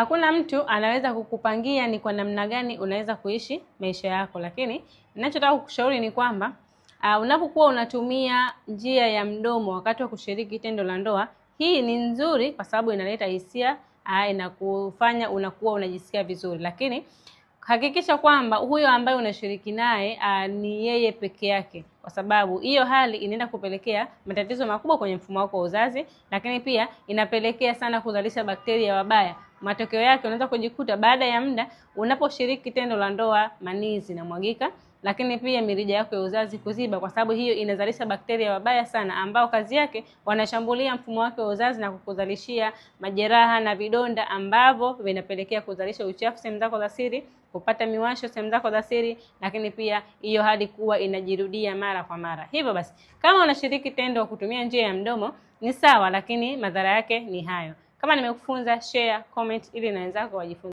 Hakuna mtu anaweza kukupangia ni kwa namna gani unaweza kuishi maisha yako, lakini ninachotaka kukushauri ni kwamba uh, unapokuwa unatumia njia ya mdomo wakati wa kushiriki tendo la ndoa, hii ni nzuri kwa sababu inaleta hisia uh, inakufanya unakuwa unajisikia vizuri, lakini hakikisha kwamba huyo ambaye unashiriki naye uh, ni yeye peke yake, kwa sababu hiyo hali inaenda kupelekea matatizo makubwa kwenye mfumo wako wa uzazi, lakini pia inapelekea sana kuzalisha bakteria wabaya matokeo yake unaweza kujikuta baada ya muda unaposhiriki tendo la ndoa manii zinamwagika, lakini pia mirija yako ya uzazi kuziba, kwa sababu hiyo inazalisha bakteria wabaya sana ambao kazi yake wanashambulia mfumo wake wa uzazi na kukuzalishia majeraha na vidonda ambavyo vinapelekea kuzalisha uchafu sehemu zako za siri, kupata miwasho sehemu zako za siri, lakini pia hiyo hali kuwa inajirudia mara kwa mara. Hivyo basi, kama unashiriki tendo kutumia njia ya mdomo ni sawa, lakini madhara yake ni hayo. Kama nimekufunza, share, comment ili naweza wenzako